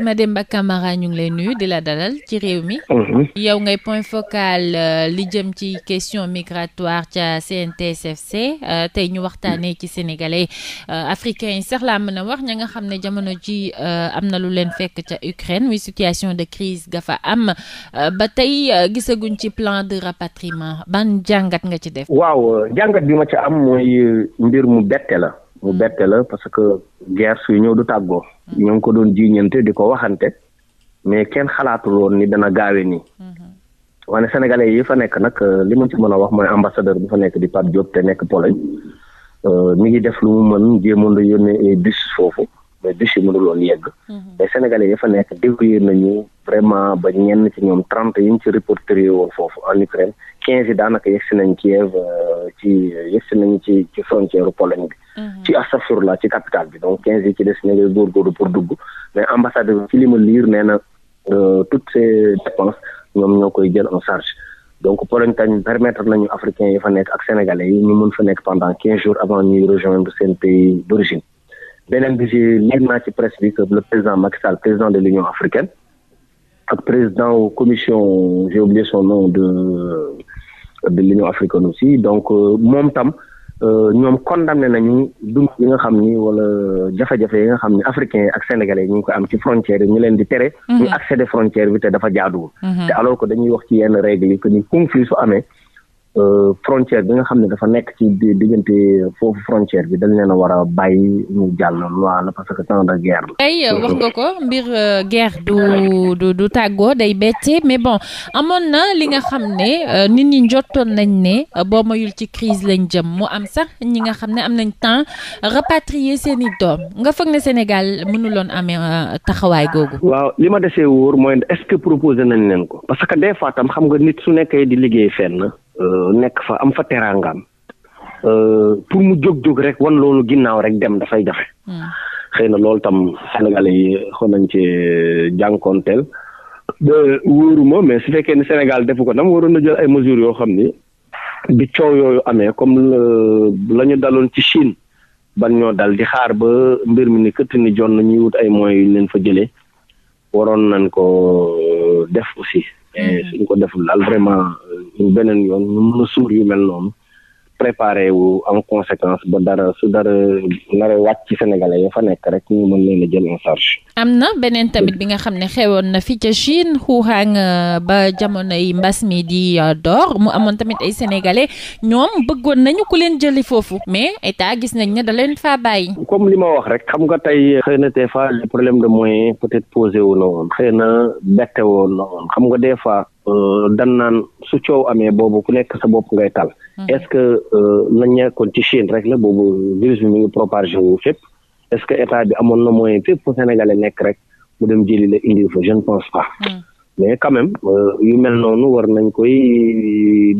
Mademba Camara ñu ngi lay nuyu di la dalal ci réew mi. yow ngay point focal euh, li jëm ci question migratoire ca cnts euh, tey ñu waxtaanee ci sénégalais euh, africain yi sax laa mën wax ña nga xam ne jamono ji am na lu leen fekk ca Ukraine muy situation de crise ga fa am ba tey gisaguñ ci plan de rapatriement ban jàngat nga ci def. waaw jàngat bi ma ci am mooy mbir mu bette la. mu mm. bette la parce que guerre suy ñëw du tàggoo mm. ñoo ngi ko doon jiiñante di ko waxante mais kenn xalaatul woon ni dana gaawe nii mm-hmm. wane sénégalais yi fa nekk nag euh, li ma ci mën a wax mooy ambassadeur bu fa nekk di Pape Diop te nekk Pologne euh, mi ngi def lu mu mën jéemoon la yónnee ay bus foofu mais bus yi mënul woon mm-hmm. mais sénégalais yi fa nekk débrouillé nañu vraiment ba ñenn ci ñoom trente yi ñu ci reporter woon foofu en Ukraine quinze yi daanaka yegsi nañ Kiev euh, ci yegsi nañu ci ci frontière Pologne bi Mhm. ci astafurla ci capitale bi donc quinze yi ci des ñu ngi góorgóorlu pour dugg mais ambassade bi ma liir nee na euh, toutes ces dépenses ñoom ñoo koy jël en charge donc Pologne tamit permettre nañu africains yi fa nekk ak sénégalais yi ñu mën fa nekk pendant quinze jours avant ñuy rejoindre seen pays d'origine beneen bi ci liir naa ci presse bi que le président Macky Sall président de l'Union africaine ak président commission j'ai son nom de de l'Union africaine aussi donc euh, moom tam Euh, ñoom condamné nañu dund yi nga xam ni wala jafe-jafe yi nga xam ni africains ak sénégalais ñu ngi ko am ci frontière yi ñu leen di tere. Mhm. ñu accéder frontière bi te dafa jaaduwul. Mhm. te alors que dañuy wax ci yenn règle yi que ni conflit su Euh, frontière bi nga xam ne dafa nekk ci diggante foofu frontière bi dañ leen a war a bàyyi ñu jàll loi parce que temps de guerre la. tey euh, wax nga ko mbir euh, guerre du du tàggoo day bette mais bon amoon na li nga xam ne nit ñi njottoon nañ ne boo mayul ci crise lañ jëm mu am sax ñi nga xam ne am nañ temps rapatrier seen i doom nga foog ne Sénégal mënuloon amee taxawaay googu. waaw li ma desee wóor mooy est-ce que nañ leen ko parce que des fois tam xam nga nit su nekkee di liggéey fenn. Euh, nekk fa am fa teraangaam euh, pour mu jóg jóg rek wan loolu ginnaaw rek dem dafay jafe. Hmm. xëy na loolu tam Sénégalais yi xaw nañ ci jànkoonteel. wóoruma mais su fekkee ni Sénégal defu ko nam waroon na jël ay mesures yoo xam ni bi coow yooyu amee comme lañu daloon ci Chine ban ñoo dal di xaar ba mbir mi ni këtt ni jonn ñuy wut ay mooy yu leen fa jëlee waroon nañ ko euh, def aussi mais mm-hmm. suñ ko deful daal vraiment ñu euh, beneen yoon ñu mën a suur yu mel noonu préparé wu en conséquence ba dara su dara nara wàcc ci sénégalais ya fa nekk rek ñu mën leen a jël en charge. am na beneen tamit bi nga xam ne xewoon na fi ca Chine xuuxaan ba jamonoy mbas mi di euh, door mu amoon tamit ay sénégalais ñoom bëggoon nañu ku leen jëli foofu mais état gis nañ ne da leen faa bàyyi. comme li ma wax rek xam nga tey xëy na te fois le problème de moyen peut-être posé wu na woon xëy na bette woon na woon xam nga des fois. Euh, dan naan su coow amee boobu ku nekk sa bopp ngay tal mm-hmm. est-ce que euh, lañ nekkoon ci Chine rek la boobu virus bi mu ngi propagé wu fépp est-ce que état bi amoon na moyen fépp fu sénégalais nekk rek mu dem jëli la indi fa je ne pense pas mm-hmm. mais quand même euh, yu mel noonu war nañ koy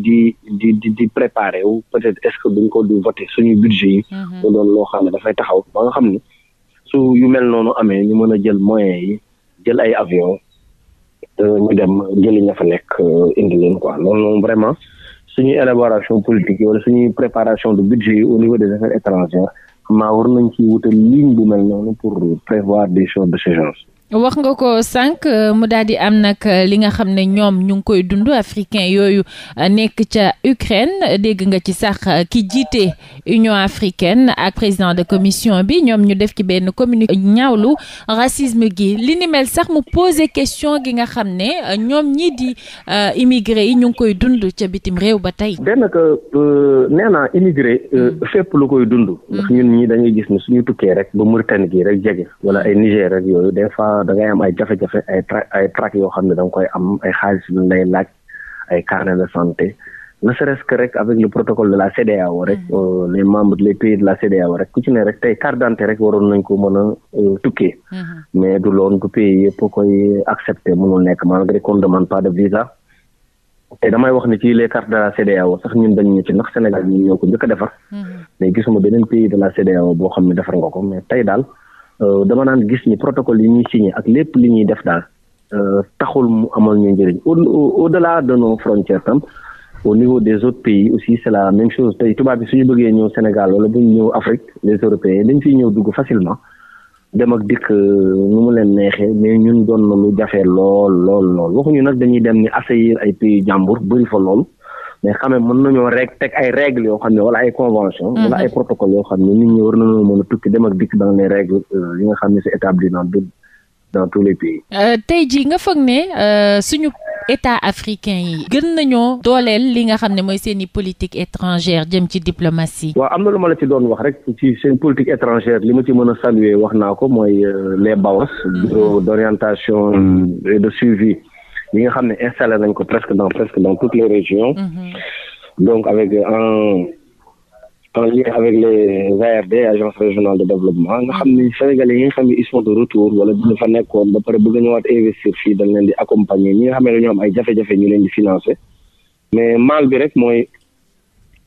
di di di di préparer wu peut-être est-ce que duñ ko du voter suñu budget yi mm-hmm. mu doon loo xam ne dafay taxaw ba nga xam ni su yu mel noonu amee ñu mën a jël moyens yi jël ay avion ñu euh, dem jëli ña fa nekk euh, indi leen quoi loolu moom vraiment suñuy élaboration politique yi wala suñuy préparation de budget yi au niveau des affaires étrangères maa war nañ ci wutal ligne bu mel noonu pour prévoir des choses de ce wax nga ko sànq mu daal am nag euh, li nga xam ne ñoom ñu ngi koy dund africain yooyu euh, nekk ca Ukraine dégg nga ci sax euh, ki jiite Union africaine ak président de commission bi ñoom ñu def ci benn communiqué ñaawlu racisme gi li ni mel sax mu poser question gi nga xam ne ñoom ñii di immigré yi ñu ngi koy dund ca bitim réew ba tey. benn que nee naa immigré mm. fépp lu koy dund. Mm. ndax ñun ñii dañuy gis ne suñu tukkee rek ba Mauritanie gi rek jege wala ay Niger rek yooyu des temps da ngay am ay jafe-jafe ay trac yoo xam ne da nga koy am ay xaalis yu lay laaj ay carnet de santé ne serait que rek avec le protocole de la CEDEAO rek mm-hmm. euh, les membres les pays de la CEDEAO rek ku ci ne rek tey carte d'identité rek waroon nañ ko mën a euh, tukkee mm-hmm. mais du loon du pays yëpp koy accepter mënul nekk malgré qu'on demande pas de visa te damay wax ni ci les cartes de la CEDEAO sax ñun dañ ñu ci ndax Sénégal ñun ñoo ko njëkk a defar mm-hmm. mais gisuma beneen boo xam ne defar nga ko mais tey Euh, dama naan gis ni protocole yi ñuy signé ak lépp li ñuy def daal euh, taxul mu amal ñu njëriñ au delà de nos frontières tam au niveau des autres pays aussi c' la même chose tey tubaab bi suñu bëggee ñëw Sénégal wala bu ñëw Afrique les Européens dañ fiy ñëw dugg facilement dem ak dikk euh, nu mu leen neexee mais ñun doon na lu jafe lool lool lool waxuñu nag dañuy dem ni assaillir ay pays jàmbur bëri fa lool mais xam ne mën nañoo rek teg ay règles yoo xam ne wala ay convention mhm. wala ay protocole yoo xam ne nit ñi war nañoo mën a tukki dem ak dikk dans les règles euh, yi nga xam ne c'est établi dans dans tous les pays. Euh, tey jii nga foog ne euh, suñu état africain yi. gën nañoo dooleel li nga xam ne mooy seen i politique étrangère jëm ci diplomatie. waaw am na lu ma la ci doon wax rek ci seen politique étrangère li ma ci mën a saluer wax naa ko mooy les BAOS. Mhm. bureau d'orientation mhm. de suivi. yi nga xam ne installé nañ ko presque dans presque dans toutes les régions. Mhm. donc avec un en lien avec les ARD agence régionale de développement nga xam ne mhm. sénégalais yi nga xam ne ils sont de retour wala dañu fa nekkoon pare bëgg a ñëwaat investir fii dañ leen di accompagner ñi nga xam ne dañoo am ay jafe-jafe ñu leen di financer mais mal bi rek mooy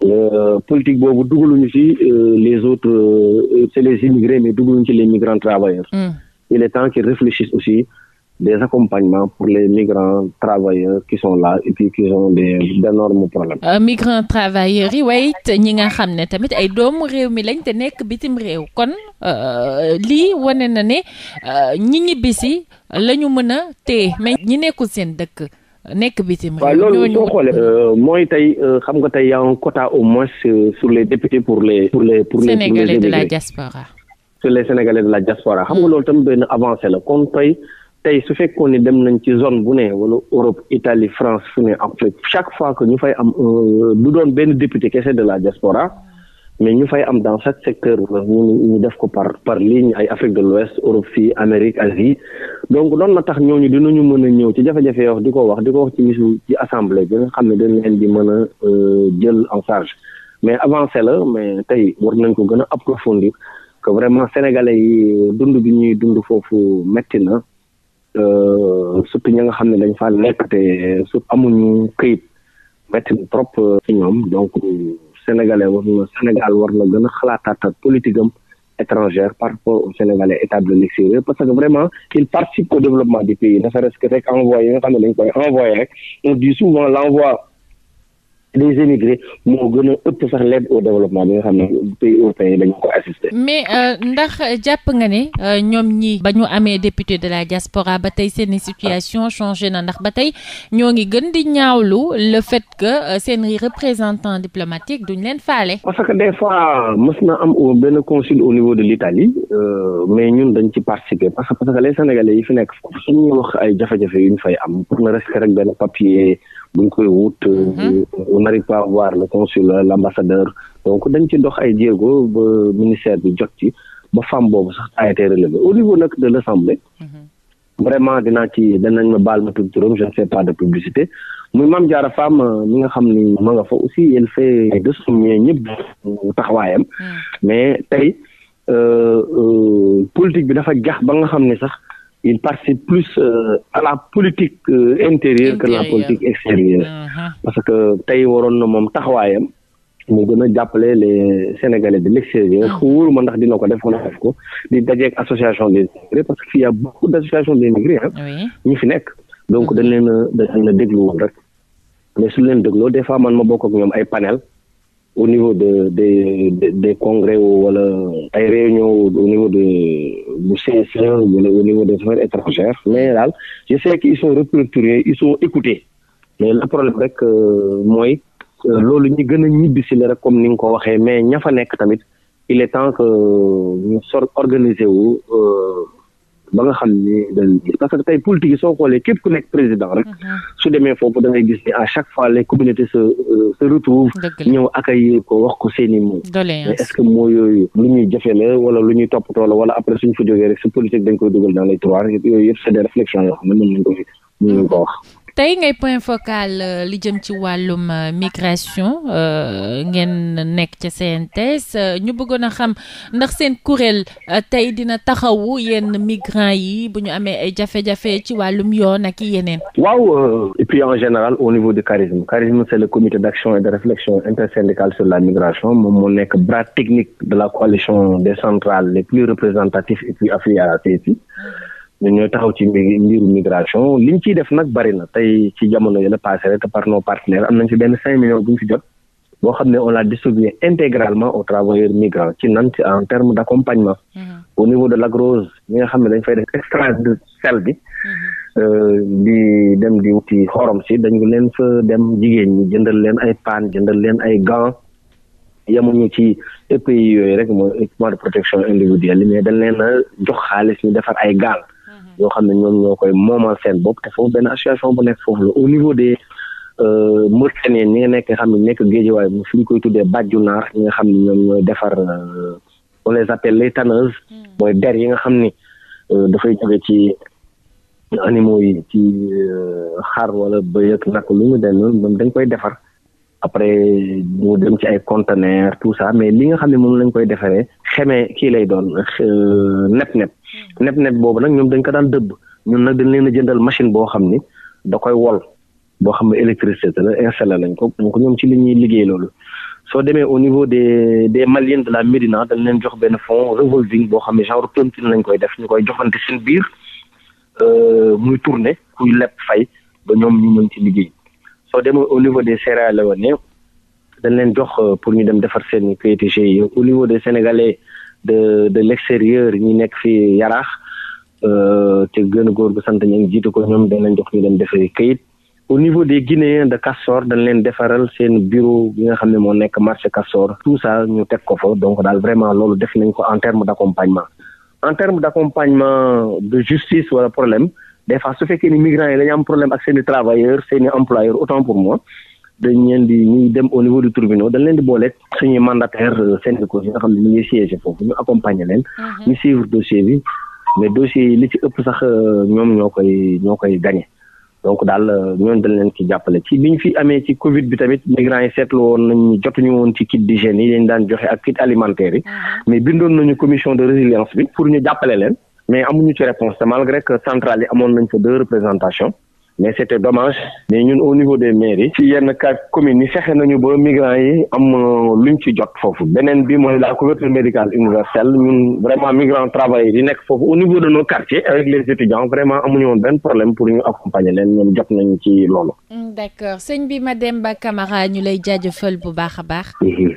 euh, politique boobu dugaluñu ci euh, les autres euh, c'est les immigrés mais dugaluñu ci les migrants travailleurs mm. il est temps qu'ils réfléchissent aussi des accompagnements pour les migrants travailleurs qui sont là et puis qui euh, yi waaye it ñi nga xam ne tamit ay doomu réew mi lañ te nekk bitim réew kon euh, lii wane na ne euh, ñi ñibbisi lañu ñu mën a téye mais ñi nekkul seen dëkk nekk bitim réew. waaw loolu soo xoolee. mooy tey xam nga tey y a un au moins sur les députés pour les. pour les pour les sénégalais de la diaspora. sur les sénégalais de la diaspora xam nga hmm. loolu tamit benn avancé la kon tey. tey su fekkoon ne dem nañ ci zone bu ne wala Europe Italie France fu ne Afrique chaque fois que ñu fay am euh, du doon benn député kese de la diaspora mais ñu fay am dans chaque secteur euh, ñu def ko par par ligne ay Afrique de l'Ouest Europe fii Amérique Asie donc doon na tax ñooñu dinañu mën a ñëw ci jafe-jafe wax di ko wax di ko wax ci misu ci assemblée bi nga xam ne dañ leen di mën a euh, jël en charge mais avancé la mais tey war nañ ko gën a approfondir que vraiment sénégalais yi dund bi ñuy dund foofu metti na Euh, surtout ñi nga xam ne dañ faa nekk te surtout amuñu këyit metti trop euh, ci ñoom donc sénégalais war na Sénégal war na gën a xalaataat politique am étrangère par rapport aux sénégalais établis de l'extérieur parce que vraiment ils participent au développement du pays ne serait que rek envoyé yi xam ne dañ koy envoyé rek on dit souvent l'envoi les émigrés moo gën a ëpp sax l'aide au développement bi nga xam ne pays européens yi dañu ko assister. mais euh, ndax jàpp nga ne euh, ñoom ñi ba ñu amee député de la diaspora ba tey seen situation changé na ndax ba tey ñoo ngi gën di ñaawlu le fait que euh, seen i représentants diplomatiques duñ leen faale. parce que des fois mës na am benn consul au niveau de l'Italie mais ñun dañ ci participer parce que parce que les Sénégalais yi fi nekk foofu suñuy wax ay jafe-jafe yu ñu fay am pour ne rester rek bu ñu koy wut. on n'arrive pas à voir le consul euh, l' ambassadeur. donc dañ ci dox ay jéego ba ministère bi jot ci ba femme boobu sax a été relevé au niveau nag de l' assemblée. Mhm. vraiment dinaa ci danañ ma baal ma tudd turam je ne fais pas de publicité muy Mame Diarra Fam euh, mi nga xam ni ma nga fa aussi elle fait de son mieux ñëpp taxawaayam mm. mais tey euh, politique bi dafa jax ba nga xam ne sax. il participe plus euh, à la politique euh, intérieure que la politique extérieure uh-huh. parce que tey waroon na moom taxawaayam mu gën a jàppale les sénégalais de l'extérieur uh-huh. wóoru ma ndax dina ko def na def ko di dajeeg association des immigrés parce que fii y a beaucoup d'associations d'immigrés ñu fi nekk donc uh-huh. dañ leen a dañ a déglu woon rek mais su leen dégloo des man ma bokk ñoom ay panel au niveau de des de, des congrès wala ay réunion au niveau de bu CSE wala au niveau des affaires étrangères mm. mais daal je sais qu'ils sont restructurés ils sont écoutés mais le problème rek euh, mooy euh, loolu ñi gën a ñibbi si la rek comme ni nga ko waxee mais ña fa nekk tamit il est temps que ñu sor organiser wu euh, ba nga xam ni parce que tey politique yi soo xoolee képp ku nekk président rek mhm. su demee foofu da gis ni à chaque fois les communautés se euh, se retrouvent ñëw accueillir ko wax ko seen moom est-ce que moo yooyu lu ñuy jëfe la wala lu ñuy toppatoo la wala après suñ fa jógee rek su politique dañ koy dugal dans yooyu yëpp c'est des yoo xam ne mën nañ ko mhm. mën wax tey ngay point focal euh, li jëm ci wàllum euh, migration euh, ngeen nekk ca CNTS ñu bëggoon a xam ndax seen kuréel tey dina taxawu yenn migrants yi bu ñu amee ay jafe-jafe ci wàllum yoon ak yeneen. waaw et puis en général au niveau du CARISM CARISM c'est le comité d'action et de réflexion intersyndicale sur la migration moom moo nekk bras technique de la coalition des centrales les plus représentatives et puis affiliées à ñun ñooy taxaw ci mbiru migration liñ ci def nag bari na tey ci jamono yi la passé rek par nos partenaires am nañ ci benn cinq millions bu fi jot boo xam ne on l'a distribué intégralement aux travailleurs migrants ci nan en terme d' mm-hmm. au niveau de l'Agrose ñi nga xam ne dañ fay de mm-hmm. euh, di dem di wuti si dañu leen fa dem jigéen ñi jëndal leen ay paan jëndal leen ay gants yemuñu ci EPI yooyu rek mooy équipement de protection individuelle mais dañ leen a jox xaalis ñu defar ay gaal yoo xam ne ñoom ñoo koy moomal seen bopp te foofu benn association bu nekk foofu la au niveau des euh, Mauritaniens ñi nga nekk nga xam ne nekk géejewaay bi fi ñu koy tuddee bàjju naar nga xam ne ñoom ñooy defar euh, on les appelle les tanneuses mm. mooy der yi nga xam ni euh, dafay jóge ci animaux yi ci xar wala bëy nak nag lu ñu den noonu moom dañ koy defar après mu dem ci ay conteneurs tout ça mais li nga xam ne moom lañ koy defaree xeme kii lay doon euh, nepp-nepp hmm. nepp-nepp boobu nag ñoom dañ ko daan dëbb ñun nag dañ leen a jëndal machine boo xam ni da koy wol boo xam ne électricité la installé lañ ko donc ñoom ci li ñuy liggéey loolu soo demee au niveau des des maliens de la Médina dañ leen jox benn fond revolving boo xam ne genre tontine lañ koy def ñu koy joxante seen biir euh, muy tourné kuy lepp fay ba ñoom ñu mën ci liggéey soo demee au niveau des Sierra Leone dañ leen jox euh, pour ñu dem defar seen kayit e GIE au niveau des sénégalais de de l'extérieur ñu nekk fii yaraax euh, te gën a gu bu sant ñu jiitu ko ñoom dañ leen jox ñu dem defari kayit au niveau des guinéens de Castor dañ leen defaral seen bureau bi nga xam ne moo nekk marché Castor tout ça ñu teg ko fa donc daal vraiment loolu def nañ ko en terme d'accompagnement en terme d'accompagnement de justice wala problème des fois su fekkee ni migrants yi dañu am problème ak seen i seen i employeurs autant pour dañ leen di ñuy dem au niveau de tribunal dañ leen di booleeg suñuy mandataire euh, syndicaux yi nga xam ne ñu ngi siégé foofu ñu accompagner leen mhm. ñu suivre dossier bi mais dossier yi li ci ëpp sax euh, ñoom ñoo koy ñoo koy gagné donc daal euh, ñooñu dañ leen ki jàppale ci bi ñu fi amee ci Covid bi tamit migrants yi seetlu woon nañu jotuñu woon ci kit d'hygiène yi dañ daan joxe ak kit alimentaire yi mhm. mais bindoon nañu commission de résilience bi pour ñu jàppale leen mais amuñu ci réponse te malgré que yi amoon nañ fa deux mais c' était dommage mais ñun au niveau des mairies ci yenn cas communes yi nañu ba migrants yi am luñ ci jot foofu beneen bi mooy la couverture médicale universelle ñun vraiment migrants travailleurs yi nekk foofu au niveau de nos quartiers avec les vraiment amuñu woon benn problème pour ñu accompagner leen ñoom jot nañu ci loolu. d' accord sëñ bi Mademba Camara ñu lay jaajëfal bu baax a baax. Mm-hmm.